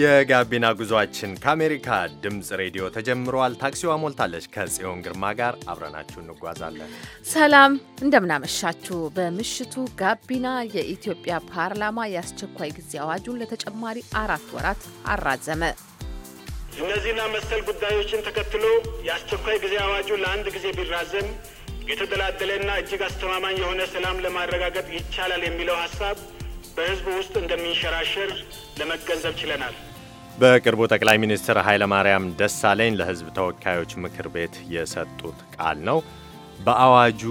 የጋቢና ጉዟችን ከአሜሪካ ድምፅ ሬዲዮ ተጀምሯል። ታክሲዋ ሞልታለች። ከጽዮን ግርማ ጋር አብረናችሁ እንጓዛለን። ሰላም፣ እንደምናመሻችሁ። በምሽቱ ጋቢና የኢትዮጵያ ፓርላማ የአስቸኳይ ጊዜ አዋጁን ለተጨማሪ አራት ወራት አራዘመ። እነዚህና መሰል ጉዳዮችን ተከትሎ የአስቸኳይ ጊዜ አዋጁ ለአንድ ጊዜ ቢራዘም የተደላደለና እጅግ አስተማማኝ የሆነ ሰላም ለማረጋገጥ ይቻላል የሚለው ሀሳብ በህዝቡ ውስጥ እንደሚንሸራሸር ለመገንዘብ ችለናል። በቅርቡ ጠቅላይ ሚኒስትር ኃይለማርያም ደሳለኝ ለሕዝብ ተወካዮች ምክር ቤት የሰጡት ቃል ነው። በአዋጁ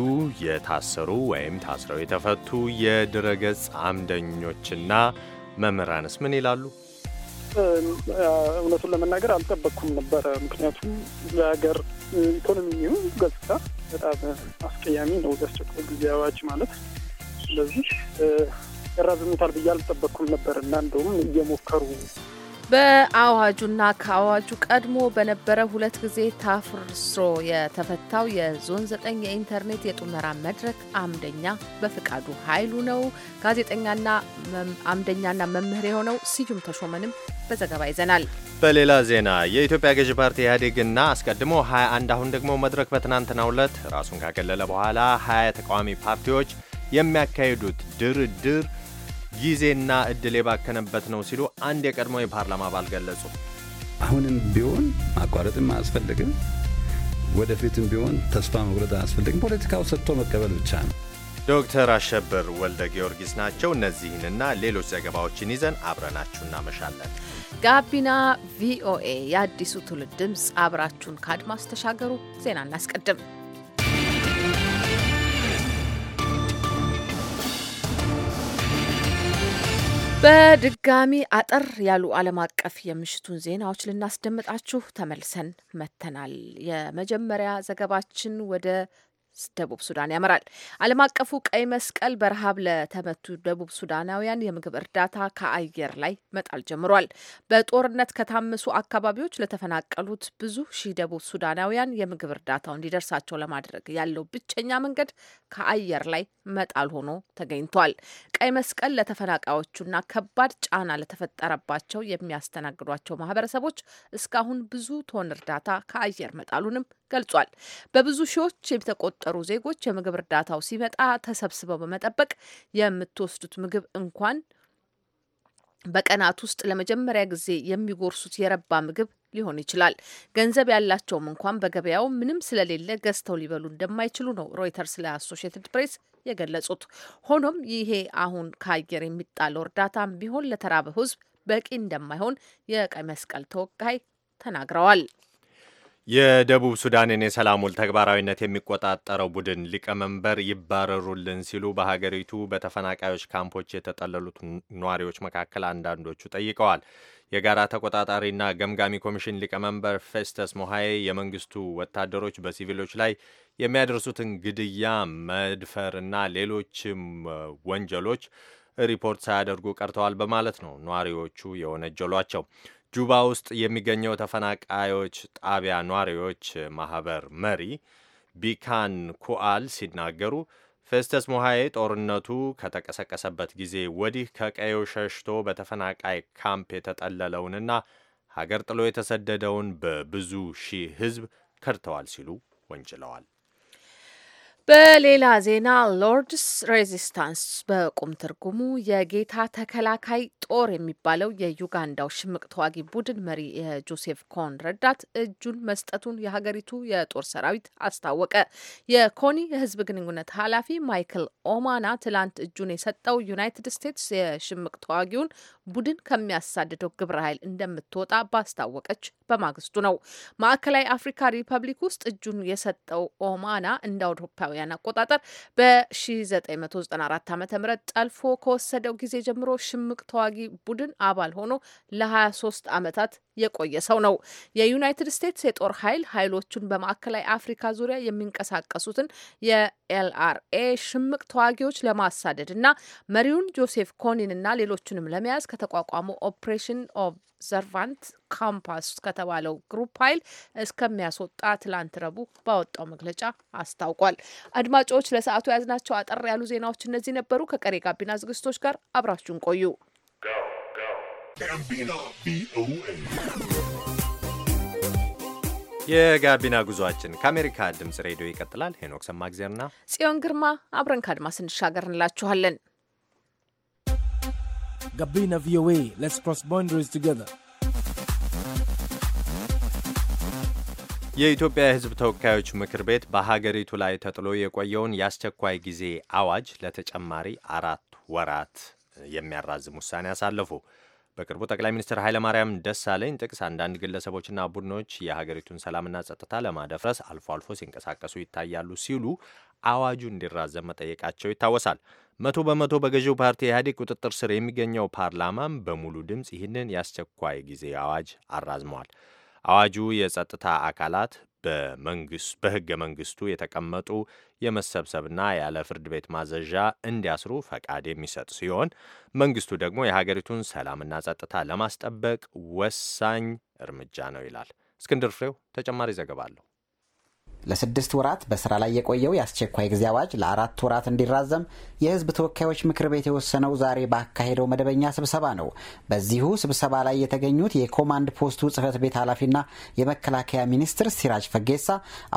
የታሰሩ ወይም ታስረው የተፈቱ የድረገጽ አምደኞችና መምህራንስ ምን ይላሉ? እውነቱን ለመናገር አልጠበቅኩም ነበረ። ምክንያቱም ለሀገር ኢኮኖሚ ገጽታ በጣም አስቀያሚ ነው የአስቸኳይ ጊዜ አዋጅ ማለት። ስለዚህ ያራዝሙታል ብዬ አልጠበቅኩም ነበር እና እንደውም እየሞከሩ በአዋጁና ከአዋጁ ቀድሞ በነበረ ሁለት ጊዜ ታፍርሶ የተፈታው የዞን ዘጠኝ የኢንተርኔት የጡመራ መድረክ አምደኛ በፍቃዱ ኃይሉ ነው። ጋዜጠኛና አምደኛና መምህር የሆነው ስዩም ተሾመንም በዘገባ ይዘናል። በሌላ ዜና የኢትዮጵያ ገዢ ፓርቲ ኢህአዴግና አስቀድሞ 21 አሁን ደግሞ መድረክ በትናንትናው ዕለት ራሱን ካገለለ በኋላ 20 ተቃዋሚ ፓርቲዎች የሚያካሂዱት ድርድር ጊዜና እድል የባከነበት ነው ሲሉ አንድ የቀድሞ የፓርላማ አባል ገለጹ። አሁንም ቢሆን ማቋረጥም አያስፈልግም፣ ወደፊትም ቢሆን ተስፋ መቁረጥ አያስፈልግም። ፖለቲካው ሰጥቶ መቀበል ብቻ ነው። ዶክተር አሸብር ወልደ ጊዮርጊስ ናቸው። እነዚህንና ሌሎች ዘገባዎችን ይዘን አብረናችሁ እናመሻለን። ጋቢና ቪኦኤ የአዲሱ ትውልድ ድምፅ፣ አብራችሁን ከአድማስ ተሻገሩ። ዜና እናስቀድም። በድጋሚ አጠር ያሉ ዓለም አቀፍ የምሽቱን ዜናዎች ልናስደምጣችሁ ተመልሰን መተናል። የመጀመሪያ ዘገባችን ወደ ደቡብ ሱዳን ያመራል። ዓለም አቀፉ ቀይ መስቀል በረሃብ ለተመቱ ደቡብ ሱዳናውያን የምግብ እርዳታ ከአየር ላይ መጣል ጀምሯል። በጦርነት ከታመሱ አካባቢዎች ለተፈናቀሉት ብዙ ሺህ ደቡብ ሱዳናውያን የምግብ እርዳታው እንዲደርሳቸው ለማድረግ ያለው ብቸኛ መንገድ ከአየር ላይ መጣል ሆኖ ተገኝቷል። ቀይ መስቀል ለተፈናቃዮቹና ከባድ ጫና ለተፈጠረባቸው የሚያስተናግዷቸው ማህበረሰቦች እስካሁን ብዙ ቶን እርዳታ ከአየር መጣሉንም ገልጿል። በብዙ ሺዎች የተቆጠሩ ዜጎች የምግብ እርዳታው ሲመጣ ተሰብስበው በመጠበቅ የምትወስዱት ምግብ እንኳን በቀናት ውስጥ ለመጀመሪያ ጊዜ የሚጎርሱት የረባ ምግብ ሊሆን ይችላል። ገንዘብ ያላቸውም እንኳን በገበያው ምንም ስለሌለ ገዝተው ሊበሉ እንደማይችሉ ነው ሮይተርስ ለአሶሽየትድ ፕሬስ የገለጹት። ሆኖም ይሄ አሁን ከአየር የሚጣለው እርዳታም ቢሆን ለተራበ ሕዝብ በቂ እንደማይሆን የቀይ መስቀል ተወካይ ተናግረዋል። የደቡብ ሱዳንን የሰላም ውል ተግባራዊነት የሚቆጣጠረው ቡድን ሊቀመንበር ይባረሩልን ሲሉ በሀገሪቱ በተፈናቃዮች ካምፖች የተጠለሉት ነዋሪዎች መካከል አንዳንዶቹ ጠይቀዋል። የጋራ ተቆጣጣሪና ገምጋሚ ኮሚሽን ሊቀመንበር ፌስተስ ሞሃዬ የመንግስቱ ወታደሮች በሲቪሎች ላይ የሚያደርሱትን ግድያ፣ መድፈርና ሌሎችም ወንጀሎች ሪፖርት ሳያደርጉ ቀርተዋል በማለት ነው ነዋሪዎቹ የወነጀሏቸው። ጁባ ውስጥ የሚገኘው ተፈናቃዮች ጣቢያ ኗሪዎች ማህበር መሪ ቢካን ኩአል ሲናገሩ ፌስተስ ሞሃዬ ጦርነቱ ከተቀሰቀሰበት ጊዜ ወዲህ ከቀየው ሸሽቶ በተፈናቃይ ካምፕ የተጠለለውንና ሀገር ጥሎ የተሰደደውን በብዙ ሺህ ሕዝብ ከድተዋል ሲሉ ወንጅለዋል። በሌላ ዜና ሎርድስ ሬዚስታንስ በቁም ትርጉሙ የጌታ ተከላካይ ጦር የሚባለው የዩጋንዳው ሽምቅ ተዋጊ ቡድን መሪ የጆሴፍ ኮን ረዳት እጁን መስጠቱን የሀገሪቱ የጦር ሰራዊት አስታወቀ። የኮኒ የህዝብ ግንኙነት ኃላፊ ማይክል ኦማና ትላንት እጁን የሰጠው ዩናይትድ ስቴትስ የሽምቅ ተዋጊውን ቡድን ከሚያሳድደው ግብረ ኃይል እንደምትወጣ ባስታወቀች በማግስቱ ነው። ማዕከላዊ አፍሪካ ሪፐብሊክ ውስጥ እጁን የሰጠው ኦማና እንደ አውሮፓ አውሮፓውያን አቆጣጠር በ1994 ዓ ም ጠልፎ ከወሰደው ጊዜ ጀምሮ ሽምቅ ተዋጊ ቡድን አባል ሆኖ ለ23 ዓመታት የቆየ ሰው ነው። የዩናይትድ ስቴትስ የጦር ኃይል ኃይሎቹን በማዕከላዊ አፍሪካ ዙሪያ የሚንቀሳቀሱትን የኤልአርኤ ሽምቅ ተዋጊዎች ለማሳደድ እና መሪውን ጆሴፍ እና ሌሎቹንም ለመያዝ ከተቋቋመው ኦፕሬሽን ኦብዘርቫንት ካምፓስ ከተባለው ግሩፕ ኃይል እስከሚያስወጣ ትላንት ረቡዕ ባወጣው መግለጫ አስታውቋል። አድማጮች ለሰዓቱ የያዝናቸው አጠር ያሉ ዜናዎች እነዚህ ነበሩ። ከቀሬ ጋቢና ዝግጅቶች ጋር አብራችሁን ቆዩ። ጋቢና ቪኦኤ የጋቢና ጉዟችን ከአሜሪካ ድምጽ ሬዲዮ ይቀጥላል። ሄኖክ ሰማግዜርና ጽዮን ግርማ አብረን ከአድማስ ስንሻገር እንላችኋለን። ጋቢና ቪኦኤ ሌትስ ክሮስ ቦንደሪስ ቱጌዘር የኢትዮጵያ የሕዝብ ተወካዮች ምክር ቤት በሀገሪቱ ላይ ተጥሎ የቆየውን የአስቸኳይ ጊዜ አዋጅ ለተጨማሪ አራት ወራት የሚያራዝም ውሳኔ አሳለፉ። በቅርቡ ጠቅላይ ሚኒስትር ኃይለማርያም ደሳለኝ ጥቅስ አንዳንድ ግለሰቦችና ቡድኖች የሀገሪቱን ሰላምና ጸጥታ ለማደፍረስ አልፎ አልፎ ሲንቀሳቀሱ ይታያሉ ሲሉ አዋጁ እንዲራዘም መጠየቃቸው ይታወሳል። መቶ በመቶ በገዢው ፓርቲ ኢህአዴግ ቁጥጥር ስር የሚገኘው ፓርላማም በሙሉ ድምፅ ይህንን የአስቸኳይ ጊዜ አዋጅ አራዝመዋል። አዋጁ የጸጥታ አካላት በመንግስት በህገ መንግስቱ የተቀመጡ የመሰብሰብና ያለ ፍርድ ቤት ማዘዣ እንዲያስሩ ፈቃድ የሚሰጥ ሲሆን መንግስቱ ደግሞ የሀገሪቱን ሰላምና ጸጥታ ለማስጠበቅ ወሳኝ እርምጃ ነው ይላል። እስክንድር ፍሬው ተጨማሪ ዘገባ አለሁ። ለስድስት ወራት በስራ ላይ የቆየው የአስቸኳይ ጊዜ አዋጅ ለአራት ወራት እንዲራዘም የህዝብ ተወካዮች ምክር ቤት የወሰነው ዛሬ ባካሄደው መደበኛ ስብሰባ ነው። በዚሁ ስብሰባ ላይ የተገኙት የኮማንድ ፖስቱ ጽህፈት ቤት ኃላፊና የመከላከያ ሚኒስትር ሲራጅ ፈጌሳ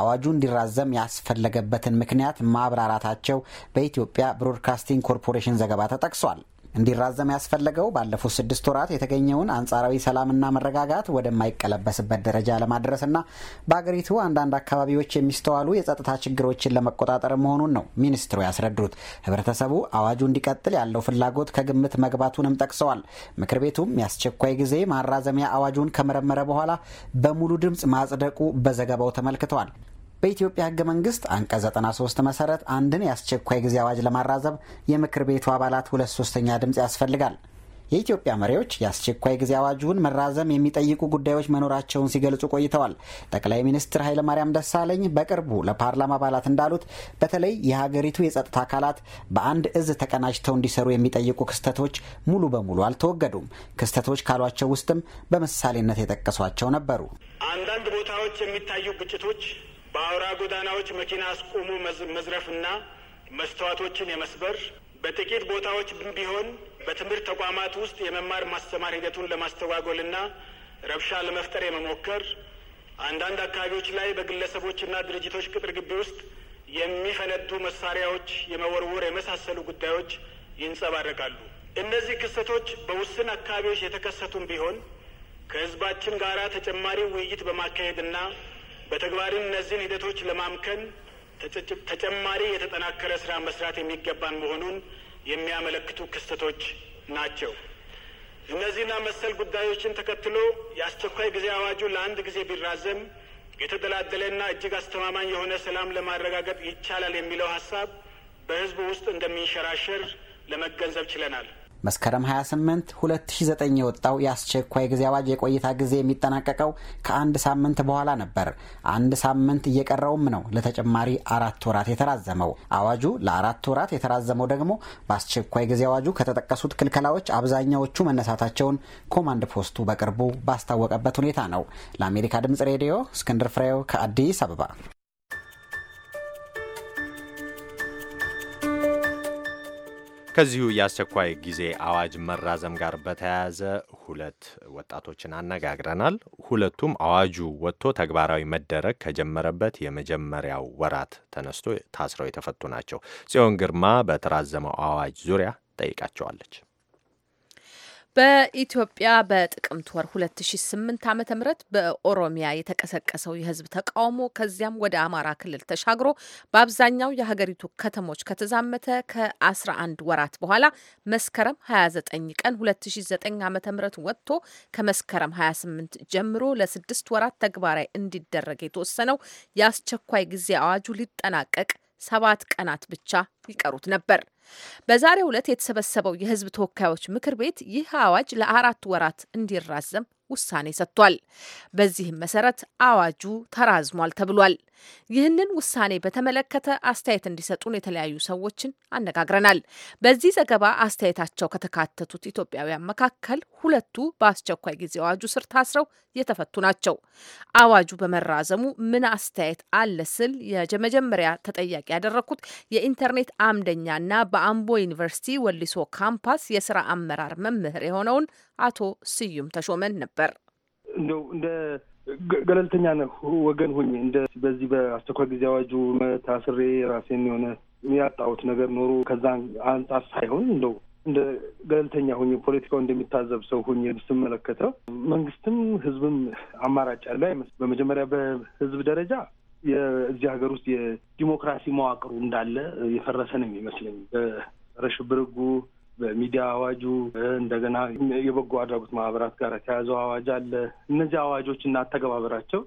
አዋጁ እንዲራዘም ያስፈለገበትን ምክንያት ማብራራታቸው በኢትዮጵያ ብሮድካስቲንግ ኮርፖሬሽን ዘገባ ተጠቅሷል። እንዲራዘም ያስፈለገው ባለፉት ስድስት ወራት የተገኘውን አንጻራዊ ሰላምና መረጋጋት ወደማይቀለበስበት ደረጃ ለማድረስና በአገሪቱ አንዳንድ አካባቢዎች የሚስተዋሉ የጸጥታ ችግሮችን ለመቆጣጠር መሆኑን ነው ሚኒስትሩ ያስረዱት። ህብረተሰቡ አዋጁ እንዲቀጥል ያለው ፍላጎት ከግምት መግባቱንም ጠቅሰዋል። ምክር ቤቱም የአስቸኳይ ጊዜ ማራዘሚያ አዋጁን ከመረመረ በኋላ በሙሉ ድምፅ ማጽደቁ በዘገባው ተመልክተዋል። በኢትዮጵያ ህገ መንግስት አንቀጽ 93 መሰረት አንድን የአስቸኳይ ጊዜ አዋጅ ለማራዘብ የምክር ቤቱ አባላት ሁለት ሶስተኛ ድምፅ ያስፈልጋል። የኢትዮጵያ መሪዎች የአስቸኳይ ጊዜ አዋጁን መራዘም የሚጠይቁ ጉዳዮች መኖራቸውን ሲገልጹ ቆይተዋል። ጠቅላይ ሚኒስትር ኃይለማርያም ደሳለኝ በቅርቡ ለፓርላማ አባላት እንዳሉት በተለይ የሀገሪቱ የጸጥታ አካላት በአንድ እዝ ተቀናጅተው እንዲሰሩ የሚጠይቁ ክስተቶች ሙሉ በሙሉ አልተወገዱም። ክስተቶች ካሏቸው ውስጥም በምሳሌነት የጠቀሷቸው ነበሩ። አንዳንድ ቦታዎች የሚታዩ ግጭቶች በአውራ ጎዳናዎች መኪና አስቆሞ መዝረፍና መስተዋቶችን የመስበር በጥቂት ቦታዎች ቢሆን በትምህርት ተቋማት ውስጥ የመማር ማስተማር ሂደቱን ለማስተጓጎልና ረብሻ ለመፍጠር የመሞከር አንዳንድ አካባቢዎች ላይ በግለሰቦችና ድርጅቶች ቅጥር ግቢ ውስጥ የሚፈነዱ መሳሪያዎች የመወርወር የመሳሰሉ ጉዳዮች ይንጸባረቃሉ። እነዚህ ክስተቶች በውስን አካባቢዎች የተከሰቱም ቢሆን ከህዝባችን ጋር ተጨማሪ ውይይት በማካሄድና በተግባርም እነዚህን ሂደቶች ለማምከን ተጨማሪ የተጠናከረ ስራ መስራት የሚገባን መሆኑን የሚያመለክቱ ክስተቶች ናቸው። እነዚህና መሰል ጉዳዮችን ተከትሎ የአስቸኳይ ጊዜ አዋጁ ለአንድ ጊዜ ቢራዘም የተደላደለና እጅግ አስተማማኝ የሆነ ሰላም ለማረጋገጥ ይቻላል የሚለው ሀሳብ በህዝቡ ውስጥ እንደሚንሸራሸር ለመገንዘብ ችለናል። መስከረም 28 2009 የወጣው የአስቸኳይ ጊዜ አዋጅ የቆይታ ጊዜ የሚጠናቀቀው ከአንድ ሳምንት በኋላ ነበር። አንድ ሳምንት እየቀረውም ነው ለተጨማሪ አራት ወራት የተራዘመው። አዋጁ ለአራት ወራት የተራዘመው ደግሞ በአስቸኳይ ጊዜ አዋጁ ከተጠቀሱት ክልከላዎች አብዛኛዎቹ መነሳታቸውን ኮማንድ ፖስቱ በቅርቡ ባስታወቀበት ሁኔታ ነው። ለአሜሪካ ድምጽ ሬዲዮ እስክንድር ፍሬው ከአዲስ አበባ ከዚሁ የአስቸኳይ ጊዜ አዋጅ መራዘም ጋር በተያያዘ ሁለት ወጣቶችን አነጋግረናል። ሁለቱም አዋጁ ወጥቶ ተግባራዊ መደረግ ከጀመረበት የመጀመሪያው ወራት ተነስቶ ታስረው የተፈቱ ናቸው። ጽዮን ግርማ በተራዘመው አዋጅ ዙሪያ ጠይቃቸዋለች። በኢትዮጵያ በጥቅምት ወር 2008 ዓ ም በኦሮሚያ የተቀሰቀሰው የህዝብ ተቃውሞ ከዚያም ወደ አማራ ክልል ተሻግሮ በአብዛኛው የሀገሪቱ ከተሞች ከተዛመተ ከ11 ወራት በኋላ መስከረም 29 ቀን 2009 ዓ ም ወጥቶ ከመስከረም 28 ጀምሮ ለስድስት ወራት ተግባራዊ እንዲደረግ የተወሰነው የአስቸኳይ ጊዜ አዋጁ ሊጠናቀቅ ሰባት ቀናት ብቻ ይቀሩት ነበር። በዛሬው ዕለት የተሰበሰበው የህዝብ ተወካዮች ምክር ቤት ይህ አዋጅ ለአራት ወራት እንዲራዘም ውሳኔ ሰጥቷል። በዚህም መሰረት አዋጁ ተራዝሟል ተብሏል። ይህንን ውሳኔ በተመለከተ አስተያየት እንዲሰጡን የተለያዩ ሰዎችን አነጋግረናል። በዚህ ዘገባ አስተያየታቸው ከተካተቱት ኢትዮጵያውያን መካከል ሁለቱ በአስቸኳይ ጊዜ አዋጁ ስር ታስረው የተፈቱ ናቸው። አዋጁ በመራዘሙ ምን አስተያየት አለ ስል የመጀመሪያ ተጠያቂ ያደረግኩት የኢንተርኔት አምደኛና በአምቦ ዩኒቨርሲቲ ወሊሶ ካምፓስ የስራ አመራር መምህር የሆነውን አቶ ስዩም ተሾመን ነበር። ነበር። እንደው እንደ ገለልተኛ ወገን ሆኜ እንደ በዚህ በአስቸኳይ ጊዜ አዋጁ መታስሬ ራሴን የሆነ ያጣሁት ነገር ኖሮ ከዛ አንጻር ሳይሆን እንደው እንደ ገለልተኛ ሁኝ ፖለቲካው እንደሚታዘብ ሰው ሁኝ ስመለከተው መንግስትም ህዝብም አማራጭ ያለ አይመስልም። በመጀመሪያ በህዝብ ደረጃ የዚህ ሀገር ውስጥ የዲሞክራሲ መዋቅሩ እንዳለ የፈረሰ ነው የሚመስለኝ። በረሽብርጉ በሚዲያ አዋጁ እንደገና የበጎ አድራጎት ማህበራት ጋር የተያዘው አዋጅ አለ። እነዚህ አዋጆች እና አተገባበራቸው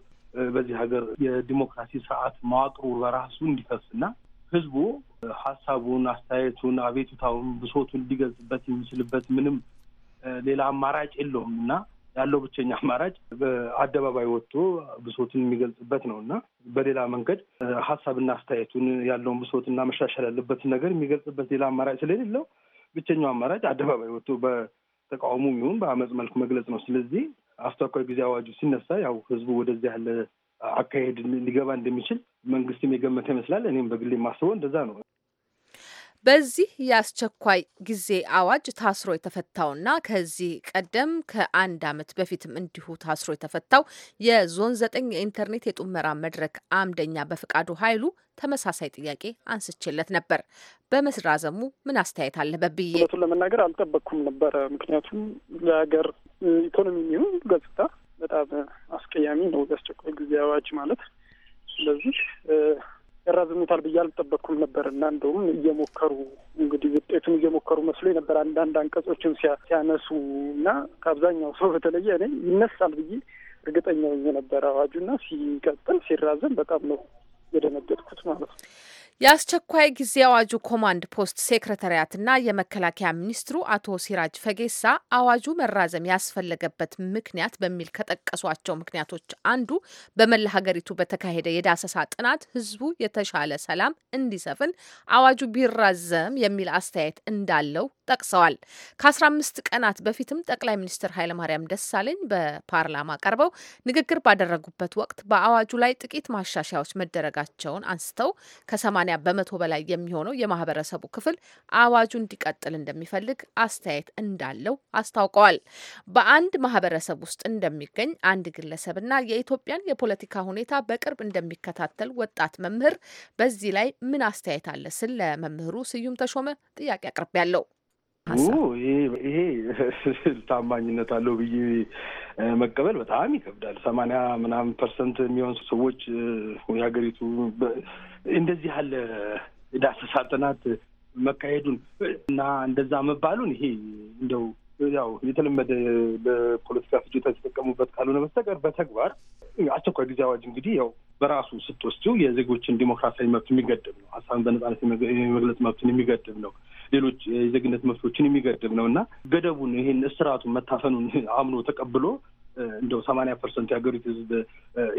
በዚህ ሀገር የዲሞክራሲ ስርዓት መዋቅሩ በራሱ እንዲፈስና ህዝቡ ሀሳቡን፣ አስተያየቱን፣ አቤቱታውን፣ ብሶቱን ሊገልጽበት የሚችልበት ምንም ሌላ አማራጭ የለውም እና ያለው ብቸኛ አማራጭ በአደባባይ ወጥቶ ብሶትን የሚገልጽበት ነው እና በሌላ መንገድ ሀሳብና አስተያየቱን ያለውን ብሶትና መሻሻል ያለበትን ነገር የሚገልጽበት ሌላ አማራጭ ስለሌለው ብቸኛው አማራጭ አደባባይ ወጥቶ በተቃውሞ ይሁን በአመፅ መልክ መግለጽ ነው። ስለዚህ አስቸኳይ ጊዜ አዋጁ ሲነሳ ያው ህዝቡ ወደዚህ ያለ አካሄድ ሊገባ እንደሚችል መንግስትም የገመተ ይመስላል። እኔም በግሌ ማስበው እንደዛ ነው። በዚህ የአስቸኳይ ጊዜ አዋጅ ታስሮ የተፈታውና ከዚህ ቀደም ከአንድ ዓመት በፊትም እንዲሁ ታስሮ የተፈታው የዞን ዘጠኝ የኢንተርኔት የጡመራ መድረክ አምደኛ በፍቃዱ ኃይሉ ተመሳሳይ ጥያቄ አንስቼለት ነበር። በመስራዘሙ ምን አስተያየት አለ በብዬ እውነቱን ለመናገር አልጠበቅኩም ነበረ። ምክንያቱም ለሀገር ኢኮኖሚ የሚሆን ገጽታ በጣም አስቀያሚ ነው የአስቸኳይ ጊዜ አዋጅ ማለት። ስለዚህ ያራዝሙታል ብዬ አልጠበቅኩም ነበር እና እንደውም እየሞከሩ እንግዲህ ውጤቱን እየሞከሩ መስሎ ነበር። አንዳንድ አንቀጾችን ሲያነሱ እና ከአብዛኛው ሰው በተለየ እኔ ይነሳል ብዬ እርግጠኛ ነበር አዋጁና ሲቀጥል ሲራዘም በጣም ነው የደነገጥኩት ማለት ነው። የአስቸኳይ ጊዜ አዋጁ ኮማንድ ፖስት ሴክረታሪያትና የመከላከያ ሚኒስትሩ አቶ ሲራጅ ፈጌሳ አዋጁ መራዘም ያስፈለገበት ምክንያት በሚል ከጠቀሷቸው ምክንያቶች አንዱ በመላ ሀገሪቱ በተካሄደ የዳሰሳ ጥናት ሕዝቡ የተሻለ ሰላም እንዲሰፍን አዋጁ ቢራዘም የሚል አስተያየት እንዳለው ጠቅሰዋል። ከ15 ቀናት በፊትም ጠቅላይ ሚኒስትር ኃይለማርያም ደሳለኝ በፓርላማ ቀርበው ንግግር ባደረጉበት ወቅት በአዋጁ ላይ ጥቂት ማሻሻያዎች መደረጋቸውን አንስተው ከ 80 በመቶ በላይ የሚሆነው የማህበረሰቡ ክፍል አዋጁ እንዲቀጥል እንደሚፈልግ አስተያየት እንዳለው አስታውቀዋል። በአንድ ማህበረሰብ ውስጥ እንደሚገኝ አንድ ግለሰብና የኢትዮጵያን የፖለቲካ ሁኔታ በቅርብ እንደሚከታተል ወጣት መምህር በዚህ ላይ ምን አስተያየት አለ ስል ለመምህሩ ስዩም ተሾመ ጥያቄ አቅርቤያለሁ። ይሄ ታማኝነት አለው ብዬ መቀበል በጣም ይከብዳል። ሰማንያ ምናምን ፐርሰንት የሚሆን ሰዎች የሀገሪቱ እንደዚህ ያለ ዳሰሳ ጥናት መካሄዱን እና እንደዛ መባሉን ይሄ እንደው ያው የተለመደ በፖለቲካ ፍጆታ የተጠቀሙበት ካልሆነ በስተቀር በተግባር አስቸኳይ ጊዜ አዋጅ እንግዲህ ያው በራሱ ስትወስጂው የዜጎችን ዲሞክራሲያዊ መብት የሚገድብ ነው። ሀሳብን በነጻነት የመግለጽ መብትን የሚገድብ ነው። ሌሎች የዜግነት መብቶችን የሚገድብ ነው እና ገደቡን ይህን እስራቱን መታፈኑን አምኖ ተቀብሎ እንደው ሰማንያ ፐርሰንት የሀገሪቱ ሕዝብ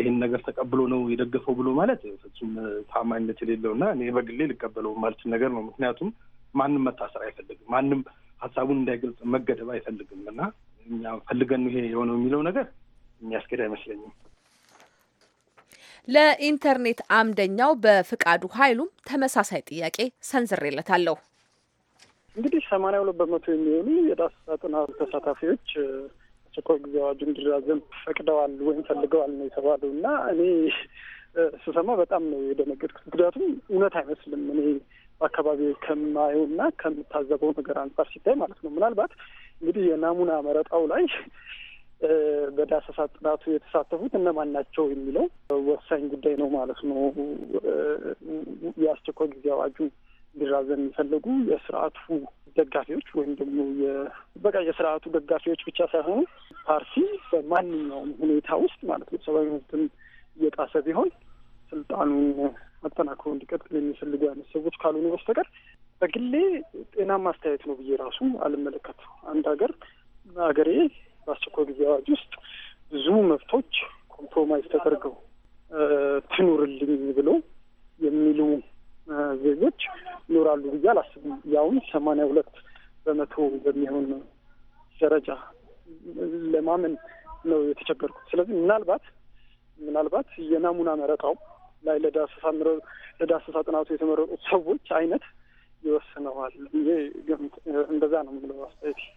ይህን ነገር ተቀብሎ ነው የደገፈው ብሎ ማለት ፍጹም ታማኝነት የሌለው እና እኔ በግሌ ልቀበለው ማለችን ነገር ነው። ምክንያቱም ማንም መታሰር አይፈልግም። ማንም ሀሳቡን እንዳይገልጽ መገደብ አይፈልግም እና እኛ ፈልገን ይሄ የሆነው የሚለው ነገር የሚያስኬድ አይመስለኝም። ለኢንተርኔት አምደኛው በፍቃዱ ኃይሉም ተመሳሳይ ጥያቄ ሰንዝሬለታለሁ። እንግዲህ ሰማንያ ሁለት በመቶ የሚሆኑ የዳሰሳ ጥናቱ ተሳታፊዎች አስቸኳይ ጊዜ አዋጁ እንዲራዘም ፈቅደዋል ወይም ፈልገዋል ነው የተባሉ እና እኔ ስሰማ በጣም ነው የደነገጥኩት። ምክንያቱም እውነት አይመስልም እኔ አካባቢ ከማየው እና ከምታዘበው ነገር አንጻር ሲታይ ማለት ነው። ምናልባት እንግዲህ የናሙና መረጣው ላይ በዳሰሳ ጥናቱ የተሳተፉት እነማን ናቸው የሚለው ወሳኝ ጉዳይ ነው ማለት ነው። የአስቸኳይ ጊዜ አዋጁ እንዲራዘም የሚፈልጉ የስርዓቱ ደጋፊዎች ወይም ደግሞ በቃ የስርዓቱ ደጋፊዎች ብቻ ሳይሆኑ ፓርቲ በማንኛውም ሁኔታ ውስጥ ማለት ነው ሰብአዊ መብትን እየጣሰ ቢሆን ስልጣኑን አጠናክሮ እንዲቀጥል የሚፈልጉ አይነት ሰዎች ካልሆኑ በስተቀር በግሌ ጤናማ አስተያየት ነው ብዬ ራሱ አልመለከትም። አንድ ሀገር ሀገሬ በአስቸኳይ ጊዜ አዋጅ ውስጥ ብዙ መብቶች ኮምፕሮማይዝ ተደርገው ትኑርልኝ ብሎ የሚሉ ዜጎች ይኖራሉ ብዬ አላስብም። ያውም ሰማንያ ሁለት በመቶ በሚሆን ደረጃ ለማመን ነው የተቸገርኩት። ስለዚህ ምናልባት ምናልባት የናሙና መረጣው ላይ ለዳሰሳ ለዳሰሳ ጥናቱ የተመረጡት ሰዎች አይነት ይወስነዋል። ይሄ እንደዛ ነው የምለው አስተያየት።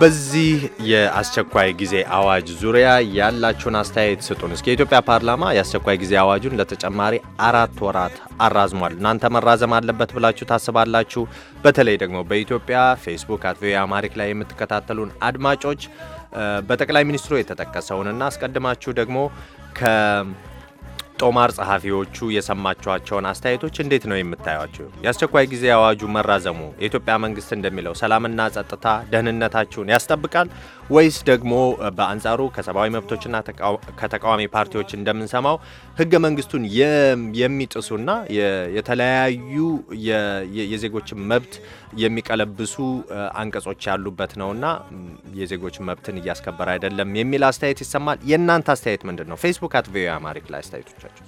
በዚህ የአስቸኳይ ጊዜ አዋጅ ዙሪያ ያላችሁን አስተያየት ስጡን። እስኪ የኢትዮጵያ ፓርላማ የአስቸኳይ ጊዜ አዋጁን ለተጨማሪ አራት ወራት አራዝሟል። እናንተ መራዘም አለበት ብላችሁ ታስባላችሁ? በተለይ ደግሞ በኢትዮጵያ ፌስቡክ አት ቪኦኤ አማሪክ ላይ የምትከታተሉን አድማጮች በጠቅላይ ሚኒስትሩ የተጠቀሰውንና አስቀድማችሁ ደግሞ ጦማር ጸሐፊዎቹ የሰማችኋቸውን አስተያየቶች እንዴት ነው የምታዩቸው? የአስቸኳይ ጊዜ አዋጁ መራዘሙ የኢትዮጵያ መንግስት እንደሚለው ሰላምና ጸጥታ ደህንነታችሁን ያስጠብቃል? ወይስ ደግሞ በአንጻሩ ከሰብአዊ መብቶችና ከተቃዋሚ ፓርቲዎች እንደምንሰማው ህገ መንግስቱን የሚጥሱና የተለያዩ የዜጎችን መብት የሚቀለብሱ አንቀጾች ያሉበት ነውና የዜጎችን መብትን እያስከበረ አይደለም የሚል አስተያየት ይሰማል። የእናንተ አስተያየት ምንድን ነው? ፌስቡክ አት ቪኦኤ አማሪክ ላይ አስተያየቶቻቸው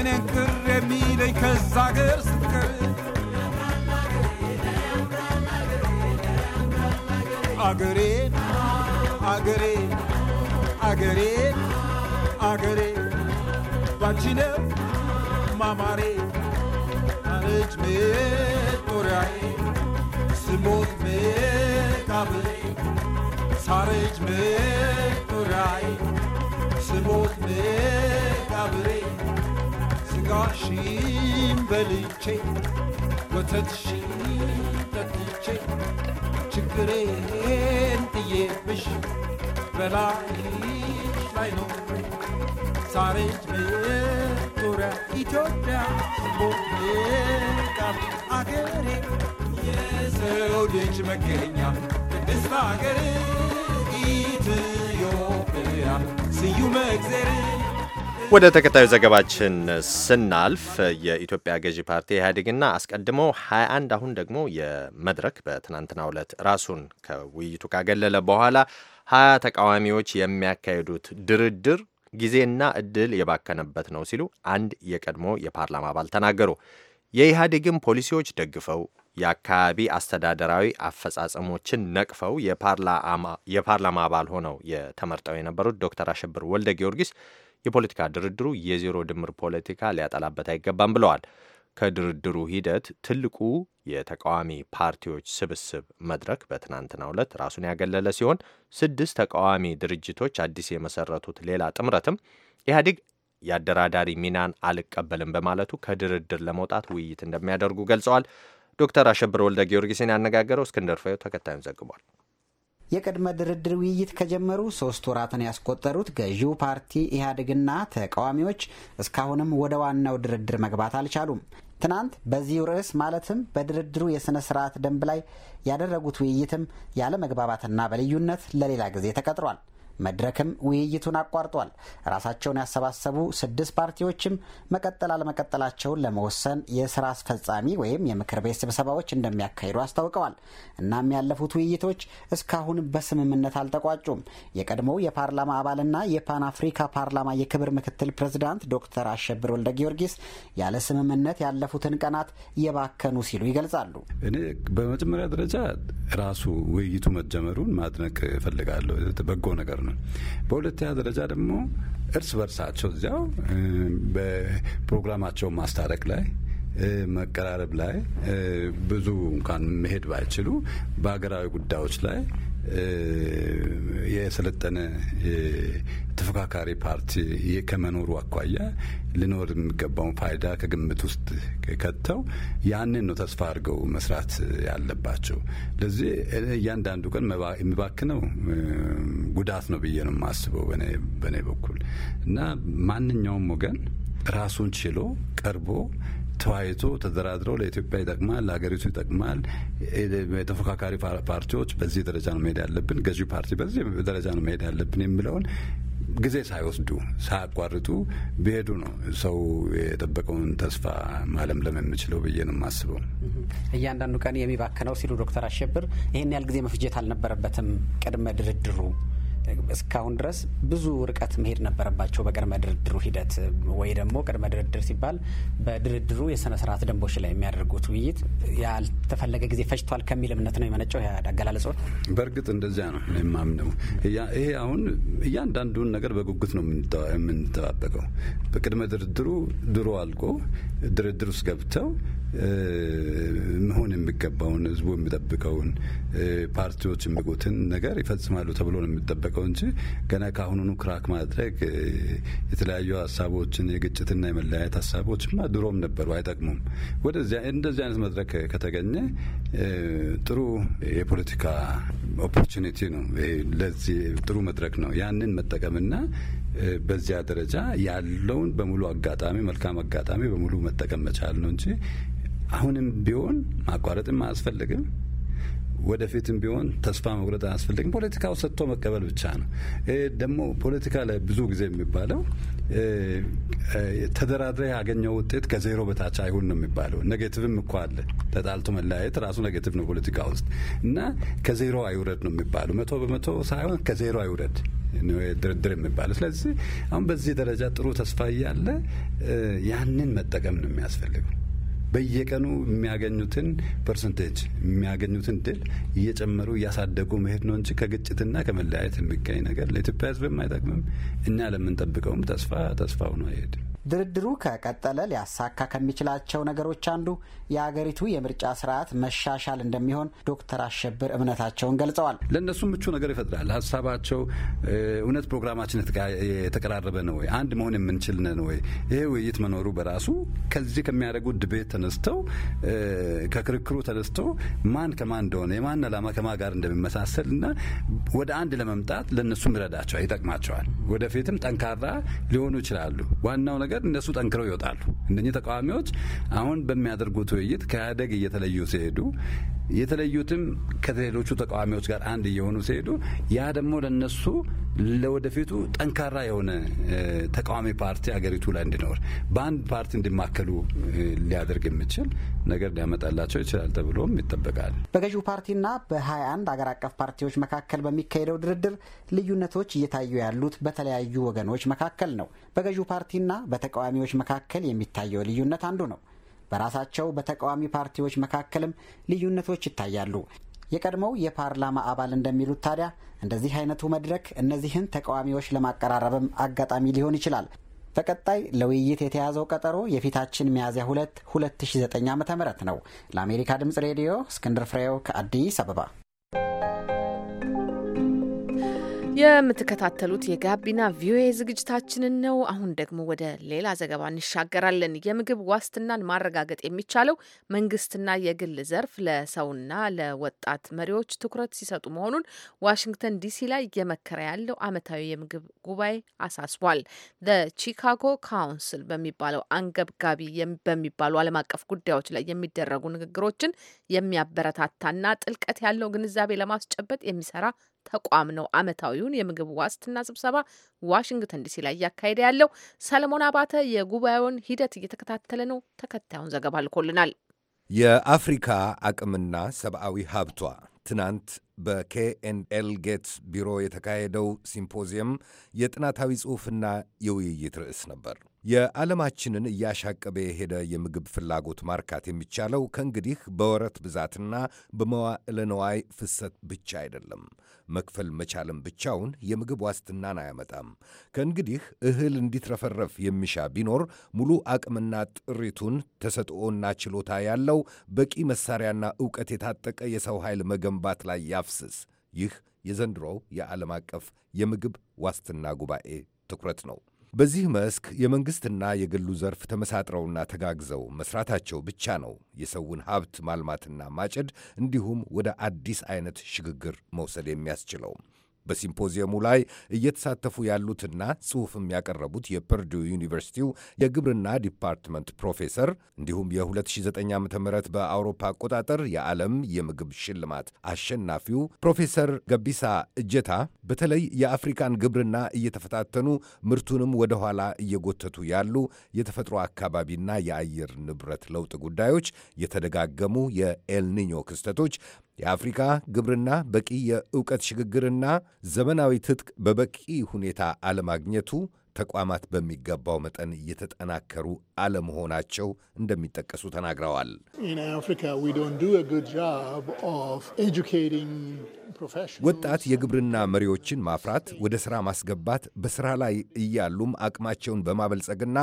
እኔን ቅር የሚለኝ ከዛ ገር ስትቀር አገሬ አገሬ አገሬ አገሬ ባንቺ ነው ማማሬ አረጅ መጦሪያዬ ስሞት መቃብሬ ሳረጅ መጦሪያዬ ስሞት መቃብሬ ጋሽን በልቼ ወተትሽን ጠጥቼ ችግሬን ጥዬብሽ በላይሽ ላይ ነው ሳሬች ምጡሪያ ኢትዮጵያ ቦቃ አገሬ የሰው ልጅ መገኛ ቅድስት አገሬ ኢትዮጵያ ስዩመ እግዜር ወደ ተከታዩ ዘገባችን ስናልፍ የኢትዮጵያ ገዢ ፓርቲ ኢህአዴግና አስቀድሞ 21 አሁን ደግሞ የመድረክ በትናንትናው ዕለት ራሱን ከውይይቱ ካገለለ በኋላ ሀያ ተቃዋሚዎች የሚያካሂዱት ድርድር ጊዜና እድል የባከነበት ነው ሲሉ አንድ የቀድሞ የፓርላማ አባል ተናገሩ። የኢህአዴግን ፖሊሲዎች ደግፈው የአካባቢ አስተዳደራዊ አፈጻጸሞችን ነቅፈው የፓርላማ አባል ሆነው የተመርጠው የነበሩት ዶክተር አሸብር ወልደ ጊዮርጊስ የፖለቲካ ድርድሩ የዜሮ ድምር ፖለቲካ ሊያጠላበት አይገባም ብለዋል። ከድርድሩ ሂደት ትልቁ የተቃዋሚ ፓርቲዎች ስብስብ መድረክ በትናንትናው ዕለት ራሱን ያገለለ ሲሆን ስድስት ተቃዋሚ ድርጅቶች አዲስ የመሰረቱት ሌላ ጥምረትም ኢህአዴግ የአደራዳሪ ሚናን አልቀበልም በማለቱ ከድርድር ለመውጣት ውይይት እንደሚያደርጉ ገልጸዋል። ዶክተር አሸብር ወልደ ጊዮርጊስን ያነጋገረው እስክንድር ፍሬው ተከታዩን ዘግቧል። የቅድመ ድርድር ውይይት ከጀመሩ ሶስት ወራትን ያስቆጠሩት ገዢው ፓርቲ ኢህአዴግና ተቃዋሚዎች እስካሁንም ወደ ዋናው ድርድር መግባት አልቻሉም። ትናንት በዚሁ ርዕስ ማለትም በድርድሩ የሥነ ስርዓት ደንብ ላይ ያደረጉት ውይይትም ያለ መግባባትና በልዩነት ለሌላ ጊዜ ተቀጥሯል። መድረክም ውይይቱን አቋርጧል። ራሳቸውን ያሰባሰቡ ስድስት ፓርቲዎችም መቀጠል አለመቀጠላቸውን ለመወሰን የስራ አስፈጻሚ ወይም የምክር ቤት ስብሰባዎች እንደሚያካሂዱ አስታውቀዋል። እናም ያለፉት ውይይቶች እስካሁን በስምምነት አልተቋጩም። የቀድሞው የፓርላማ አባልና የፓን አፍሪካ ፓርላማ የክብር ምክትል ፕሬዝዳንት ዶክተር አሸብር ወልደ ጊዮርጊስ ያለ ስምምነት ያለፉትን ቀናት የባከኑ ሲሉ ይገልጻሉ። እኔ በመጀመሪያ ደረጃ ራሱ ውይይቱ መጀመሩን ማድነቅ እፈልጋለሁ። በጎ ነገር ነው። ነው። በሁለተኛ ደረጃ ደግሞ እርስ በርሳቸው እዚያው በፕሮግራማቸው ማስታረቅ ላይ መቀራረብ ላይ ብዙ እንኳን መሄድ ባይችሉ በሀገራዊ ጉዳዮች ላይ የሰለጠነ ተፎካካሪ ፓርቲ ከመኖሩ አኳያ ሊኖር የሚገባውን ፋይዳ ከግምት ውስጥ ከተው ያንን ነው ተስፋ አድርገው መስራት ያለባቸው። ለዚህ እያንዳንዱ ቀን የሚባክነው ጉዳት ነው ብዬ ነው የማስበው በእኔ በኩል እና ማንኛውም ወገን ራሱን ችሎ ቀርቦ ተወያይቶ ተደራድረው ለኢትዮጵያ ይጠቅማል፣ ለሀገሪቱ ይጠቅማል፣ የተፎካካሪ ፓርቲዎች በዚህ ደረጃ ነው መሄድ ያለብን፣ ገዢ ፓርቲ በዚህ ደረጃ ነው መሄድ ያለብን የሚለውን ጊዜ ሳይወስዱ ሳያቋርጡ ቢሄዱ ነው ሰው የጠበቀውን ተስፋ ማለምለም የምችለው ብዬ ነው የማስበው። እያንዳንዱ ቀን የሚባክነው ሲሉ ዶክተር አሸብር ይህን ያህል ጊዜ መፍጀት አልነበረበትም ቅድመ ድርድሩ እስካሁን ድረስ ብዙ ርቀት መሄድ ነበረባቸው በቅድመ ድርድሩ ሂደት ወይ ደግሞ ቅድመ ድርድር ሲባል በድርድሩ የስነ ስርዓት ደንቦች ላይ የሚያደርጉት ውይይት ያልተፈለገ ጊዜ ፈጅቷል ከሚል እምነት ነው የመነጨው አገላለጽ። በእርግጥ እንደዚያ ነው የማምነው። ይሄ አሁን እያንዳንዱን ነገር በጉጉት ነው የምንጠባበቀው። በቅድመ ድርድሩ ድሮ አልቆ ድርድር ውስጥ ገብተው መሆን የሚገባውን ህዝቡ የሚጠብቀውን ፓርቲዎች የሚጉትን ነገር ይፈጽማሉ ተብሎ ነው የሚጠበቀው እንጂ ገና ከአሁኑኑ ክራክ ማድረግ የተለያዩ ሀሳቦችን የግጭትና የመለያየት ሀሳቦችማ ድሮም ነበሩ፣ አይጠቅሙም። ወደዚያ እንደዚህ አይነት መድረክ ከተገኘ ጥሩ የፖለቲካ ኦፖርቹኒቲ ነው። ለዚህ ጥሩ መድረክ ነው። ያንን መጠቀምና በዚያ ደረጃ ያለውን በሙሉ አጋጣሚ መልካም አጋጣሚ በሙሉ መጠቀም መቻል ነው እንጂ አሁንም ቢሆን ማቋረጥም አያስፈልግም። ወደፊትም ቢሆን ተስፋ መቁረጥ አያስፈልግም። ፖለቲካው ሰጥቶ መቀበል ብቻ ነው። ደግሞ ፖለቲካ ላይ ብዙ ጊዜ የሚባለው ተደራድረ ያገኘው ውጤት ከዜሮ በታች አይሁን ነው የሚባለው። ኔጌቲቭም እኮ አለ። ተጣልቶ መለያየት ራሱ ኔጌቲቭ ነው ፖለቲካ ውስጥ እና ከዜሮ አይውረድ ነው የሚባለው። መቶ በመቶ ሳይሆን ከዜሮ አይውረድ ድርድር የሚባለው። ስለዚህ አሁን በዚህ ደረጃ ጥሩ ተስፋ እያለ ያንን መጠቀም ነው የሚያስፈልገው። በየቀኑ የሚያገኙትን ፐርሰንቴጅ የሚያገኙትን ድል እየጨመሩ እያሳደጉ መሄድ ነው እንጂ ከግጭትና ከመለያየት የሚገኝ ነገር ለኢትዮጵያ ሕዝብም አይጠቅምም። እኛ ለምንጠብቀውም ተስፋ ተስፋ ሆኖ አይሄድም። ድርድሩ ከቀጠለ ሊያሳካ ከሚችላቸው ነገሮች አንዱ የአገሪቱ የምርጫ ስርዓት መሻሻል እንደሚሆን ዶክተር አሸብር እምነታቸውን ገልጸዋል። ለእነሱም ምቹ ነገር ይፈጥራል። ሀሳባቸው እውነት ፕሮግራማችን የተቀራረበ ነው ወይ፣ አንድ መሆን የምንችል ነን ወይ፣ ይሄ ውይይት መኖሩ በራሱ ከዚህ ከሚያደርጉት ድቤት ተነስተው ከክርክሩ ተነስተው ማን ከማን እንደሆነ የማን ዓላማ ከማ ጋር እንደሚመሳሰል እና ወደ አንድ ለመምጣት ለእነሱም ይረዳቸዋል፣ ይጠቅማቸዋል። ወደፊትም ጠንካራ ሊሆኑ ይችላሉ። ዋናው ነገር እነሱ ጠንክረው ይወጣሉ። እነኚህ ተቃዋሚዎች አሁን በሚያደርጉት ውይይት ከኢህአዴግ እየተለዩ ሲሄዱ የተለዩትም ከሌሎቹ ተቃዋሚዎች ጋር አንድ እየሆኑ ሲሄዱ ያ ደግሞ ለነሱ ለወደፊቱ ጠንካራ የሆነ ተቃዋሚ ፓርቲ አገሪቱ ላይ እንዲኖር በአንድ ፓርቲ እንዲማከሉ ሊያደርግ የሚችል ነገር ሊያመጣላቸው ይችላል ተብሎም ይጠበቃል። በገዢው ፓርቲና በ21 አገር አቀፍ ፓርቲዎች መካከል በሚካሄደው ድርድር ልዩነቶች እየታዩ ያሉት በተለያዩ ወገኖች መካከል ነው። በገዢው ፓርቲና በተቃዋሚዎች መካከል የሚታየው ልዩነት አንዱ ነው። በራሳቸው በተቃዋሚ ፓርቲዎች መካከልም ልዩነቶች ይታያሉ። የቀድሞው የፓርላማ አባል እንደሚሉት ታዲያ እንደዚህ አይነቱ መድረክ እነዚህን ተቃዋሚዎች ለማቀራረብም አጋጣሚ ሊሆን ይችላል። በቀጣይ ለውይይት የተያዘው ቀጠሮ የፊታችን ሚያዝያ ሁለት 2009 ዓ ም ነው። ለአሜሪካ ድምፅ ሬዲዮ እስክንድር ፍሬው ከአዲስ አበባ የምትከታተሉት የጋቢና ቪኦኤ ዝግጅታችንን ነው። አሁን ደግሞ ወደ ሌላ ዘገባ እንሻገራለን። የምግብ ዋስትናን ማረጋገጥ የሚቻለው መንግስትና የግል ዘርፍ ለሰውና ለወጣት መሪዎች ትኩረት ሲሰጡ መሆኑን ዋሽንግተን ዲሲ ላይ እየመከረ ያለው ዓመታዊ የምግብ ጉባኤ አሳስቧል። በቺካጎ ካውንስል በሚባለው አንገብጋቢ በሚባሉ ዓለም አቀፍ ጉዳዮች ላይ የሚደረጉ ንግግሮችን የሚያበረታታና ጥልቀት ያለው ግንዛቤ ለማስጨበጥ የሚሰራ ተቋም ነው አመታዊውን የምግብ ዋስትና ስብሰባ ዋሽንግተን ዲሲ ላይ እያካሄደ ያለው። ሰለሞን አባተ የጉባኤውን ሂደት እየተከታተለ ነው። ተከታዩን ዘገባ ልኮልናል። የአፍሪካ አቅምና ሰብአዊ ሀብቷ ትናንት በኬኤንኤል ጌትስ ቢሮ የተካሄደው ሲምፖዚየም የጥናታዊ ጽሑፍና የውይይት ርዕስ ነበር። የዓለማችንን እያሻቀበ የሄደ የምግብ ፍላጎት ማርካት የሚቻለው ከእንግዲህ በወረት ብዛትና በመዋዕለ ነዋይ ፍሰት ብቻ አይደለም። መክፈል መቻልም ብቻውን የምግብ ዋስትናን አያመጣም። ከእንግዲህ እህል እንዲትረፈረፍ የሚሻ ቢኖር ሙሉ አቅምና ጥሪቱን ተሰጥኦና ችሎታ ያለው በቂ መሳሪያና ዕውቀት የታጠቀ የሰው ኃይል መገንባት ላይ ያፍስስ። ይህ የዘንድሮው የዓለም አቀፍ የምግብ ዋስትና ጉባኤ ትኩረት ነው። በዚህ መስክ የመንግሥትና የግሉ ዘርፍ ተመሳጥረውና ተጋግዘው መስራታቸው ብቻ ነው የሰውን ሀብት ማልማትና ማጨድ እንዲሁም ወደ አዲስ አይነት ሽግግር መውሰድ የሚያስችለው። በሲምፖዚየሙ ላይ እየተሳተፉ ያሉትና ጽሑፍም ያቀረቡት የፐርዱ ዩኒቨርሲቲው የግብርና ዲፓርትመንት ፕሮፌሰር እንዲሁም የ2009 ዓ ም በአውሮፓ አቆጣጠር የዓለም የምግብ ሽልማት አሸናፊው ፕሮፌሰር ገቢሳ እጀታ በተለይ የአፍሪካን ግብርና እየተፈታተኑ ምርቱንም ወደ ኋላ እየጎተቱ ያሉ የተፈጥሮ አካባቢና የአየር ንብረት ለውጥ ጉዳዮች፣ የተደጋገሙ የኤልኒኞ ክስተቶች የአፍሪካ ግብርና በቂ የእውቀት ሽግግርና ዘመናዊ ትጥቅ በበቂ ሁኔታ አለማግኘቱ ተቋማት በሚገባው መጠን እየተጠናከሩ አለመሆናቸው እንደሚጠቀሱ ተናግረዋል። ወጣት የግብርና መሪዎችን ማፍራት፣ ወደ ሥራ ማስገባት፣ በሥራ ላይ እያሉም አቅማቸውን በማበልጸግና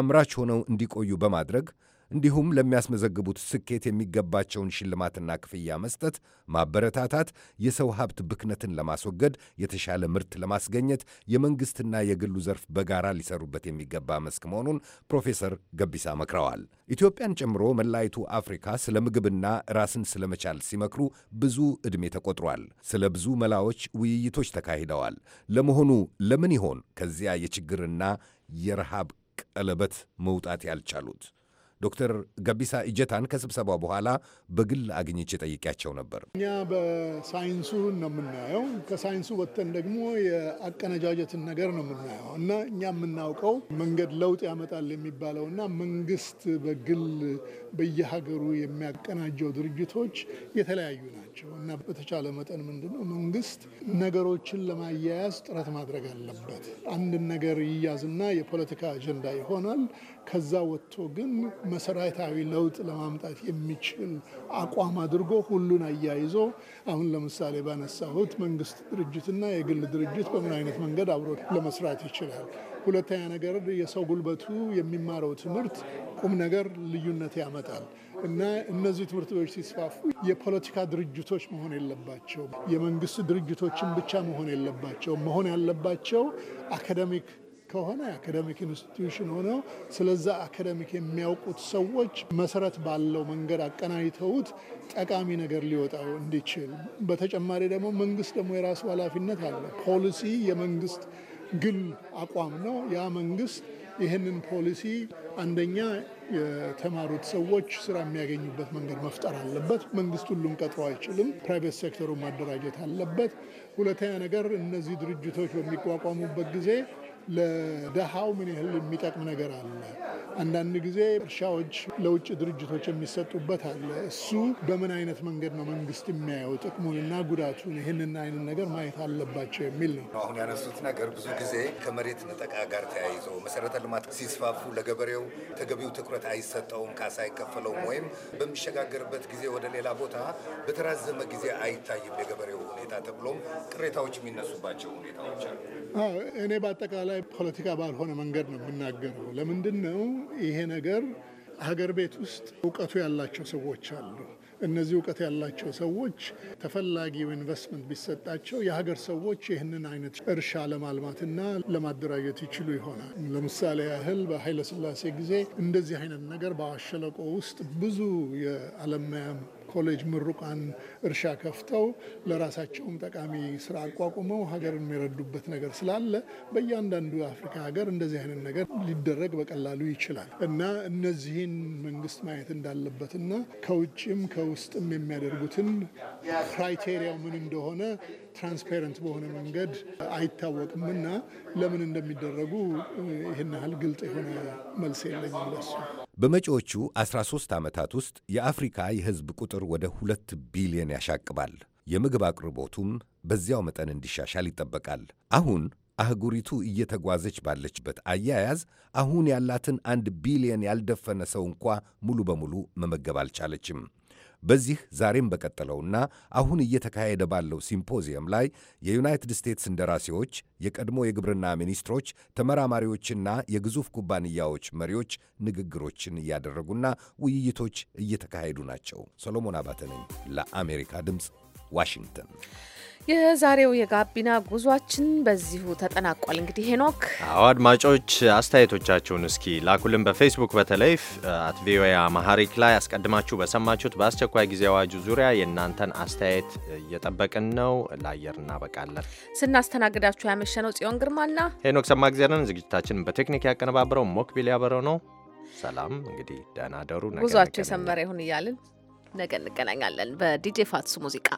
አምራች ሆነው እንዲቆዩ በማድረግ እንዲሁም ለሚያስመዘግቡት ስኬት የሚገባቸውን ሽልማትና ክፍያ መስጠት፣ ማበረታታት፣ የሰው ሀብት ብክነትን ለማስወገድ፣ የተሻለ ምርት ለማስገኘት የመንግሥትና የግሉ ዘርፍ በጋራ ሊሰሩበት የሚገባ መስክ መሆኑን ፕሮፌሰር ገቢሳ መክረዋል። ኢትዮጵያን ጨምሮ መላይቱ አፍሪካ ስለ ምግብና ራስን ስለመቻል ሲመክሩ ብዙ ዕድሜ ተቆጥሯል። ስለ ብዙ መላዎች ውይይቶች ተካሂደዋል። ለመሆኑ ለምን ይሆን ከዚያ የችግርና የረሃብ ቀለበት መውጣት ያልቻሉት? ዶክተር ገቢሳ እጀታን ከስብሰባው በኋላ በግል አግኝቼ ጠይቄያቸው ነበር። እኛ በሳይንሱ ነው የምናየው። ከሳይንሱ ወጥተን ደግሞ የአቀነጃጀትን ነገር ነው የምናየው እና እኛ የምናውቀው መንገድ ለውጥ ያመጣል የሚባለው እና መንግስት በግል በየሀገሩ የሚያቀናጀው ድርጅቶች የተለያዩ ናቸው እና በተቻለ መጠን ምንድነው መንግስት ነገሮችን ለማያያዝ ጥረት ማድረግ አለበት። አንድን ነገር ይያዝና የፖለቲካ አጀንዳ ይሆናል። ከዛ ወጥቶ ግን መሰረታዊ ለውጥ ለማምጣት የሚችል አቋም አድርጎ ሁሉን አያይዞ አሁን ለምሳሌ ባነሳሁት መንግስት ድርጅትና የግል ድርጅት በምን አይነት መንገድ አብሮ ለመስራት ይችላል። ሁለተኛ ነገር የሰው ጉልበቱ የሚማረው ትምህርት ቁም ነገር ልዩነት ያመጣል እና እነዚህ ትምህርት ቤቶች ሲስፋፉ የፖለቲካ ድርጅቶች መሆን የለባቸው የመንግስት ድርጅቶችን ብቻ መሆን የለባቸው መሆን ያለባቸው አካደሚክ ከሆነ የአካደሚክ ኢንስቲትዩሽን ሆነው ስለዛ አካደሚክ የሚያውቁት ሰዎች መሰረት ባለው መንገድ አቀናጅተውት ጠቃሚ ነገር ሊወጣው እንዲችል፣ በተጨማሪ ደግሞ መንግስት ደግሞ የራሱ ኃላፊነት አለ። ፖሊሲ የመንግስት ግል አቋም ነው። ያ መንግስት ይህንን ፖሊሲ አንደኛ የተማሩት ሰዎች ስራ የሚያገኙበት መንገድ መፍጠር አለበት። መንግስት ሁሉም ቀጥሮ አይችልም። ፕራይቬት ሴክተሩን ማደራጀት አለበት። ሁለተኛ ነገር እነዚህ ድርጅቶች በሚቋቋሙበት ጊዜ ለደሃው ምን ያህል የሚጠቅም ነገር አለ። አንዳንድ ጊዜ እርሻዎች ለውጭ ድርጅቶች የሚሰጡበት አለ። እሱ በምን አይነት መንገድ ነው መንግስት የሚያየው ጥቅሙንና ጉዳቱን ይህንና አይነት ነገር ማየት አለባቸው የሚል ነው። አሁን ያነሱት ነገር ብዙ ጊዜ ከመሬት ነጠቃ ጋር ተያይዞ መሰረተ ልማት ሲስፋፉ ለገበሬው ተገቢው ትኩረት አይሰጠውም፣ ካሳ አይከፈለውም፣ ወይም በሚሸጋገርበት ጊዜ ወደ ሌላ ቦታ በተራዘመ ጊዜ አይታይም የገበሬው ሁኔታ ተብሎም ቅሬታዎች የሚነሱባቸው ሁኔታዎች አሉ። እኔ በአጠቃላይ ፖለቲካ ባልሆነ መንገድ ነው የምናገረው። ለምንድን ነው ይሄ ነገር ሀገር ቤት ውስጥ እውቀቱ ያላቸው ሰዎች አሉ። እነዚህ እውቀት ያላቸው ሰዎች ተፈላጊው ኢንቨስትመንት ቢሰጣቸው የሀገር ሰዎች ይህንን አይነት እርሻ ለማልማትና ለማደራጀት ይችሉ ይሆናል። ለምሳሌ ያህል በኃይለስላሴ ጊዜ እንደዚህ አይነት ነገር በአሸለቆ ውስጥ ብዙ የአለማያም ኮሌጅ ምሩቃን እርሻ ከፍተው ለራሳቸውም ጠቃሚ ስራ አቋቁመው ሀገርን የሚረዱበት ነገር ስላለ በእያንዳንዱ የአፍሪካ ሀገር እንደዚህ አይነት ነገር ሊደረግ በቀላሉ ይችላል እና እነዚህን መንግስት ማየት እንዳለበትና ከውጭም ከውስጥም የሚያደርጉትን ክራይቴሪያው ምን እንደሆነ ትራንስፓረንት በሆነ መንገድ አይታወቅም እና ለምን እንደሚደረጉ ይህን ያህል ግልጽ የሆነ መልስ የለኝም ለሱ። በመጪዎቹ 13 ዓመታት ውስጥ የአፍሪካ የህዝብ ቁጥር ወደ ሁለት ቢሊዮን ያሻቅባል። የምግብ አቅርቦቱም በዚያው መጠን እንዲሻሻል ይጠበቃል። አሁን አህጉሪቱ እየተጓዘች ባለችበት አያያዝ አሁን ያላትን አንድ ቢሊየን ያልደፈነ ሰው እንኳ ሙሉ በሙሉ መመገብ አልቻለችም። በዚህ ዛሬም በቀጠለውና አሁን እየተካሄደ ባለው ሲምፖዚየም ላይ የዩናይትድ ስቴትስ እንደራሴዎች፣ የቀድሞ የግብርና ሚኒስትሮች፣ ተመራማሪዎችና የግዙፍ ኩባንያዎች መሪዎች ንግግሮችን እያደረጉና ውይይቶች እየተካሄዱ ናቸው። ሰሎሞን አባተ ነኝ ለአሜሪካ ድምፅ ዋሽንግተን። የዛሬው የጋቢና ጉዟችን በዚሁ ተጠናቋል። እንግዲህ ሄኖክ። አዎ አድማጮች አስተያየቶቻችሁን እስኪ ላኩልን። በፌስቡክ በተለይ አት ቪኦኤ አማሃሪክ ላይ አስቀድማችሁ በሰማችሁት በአስቸኳይ ጊዜ አዋጁ ዙሪያ የእናንተን አስተያየት እየጠበቅን ነው። ለአየር እናበቃለን። ስናስተናግዳችሁ ያመሸነው ጽዮን ግርማና ሄኖክ ሰማግዜርን፣ ዝግጅታችንን በቴክኒክ ያቀነባበረው ሞክቢል ያበረው ነው። ሰላም እንግዲህ ደህና ደሩ። ጉዟችሁ የሰመረ ይሁን እያልን ነገ እንገናኛለን በዲጄ ፋትሱ ሙዚቃ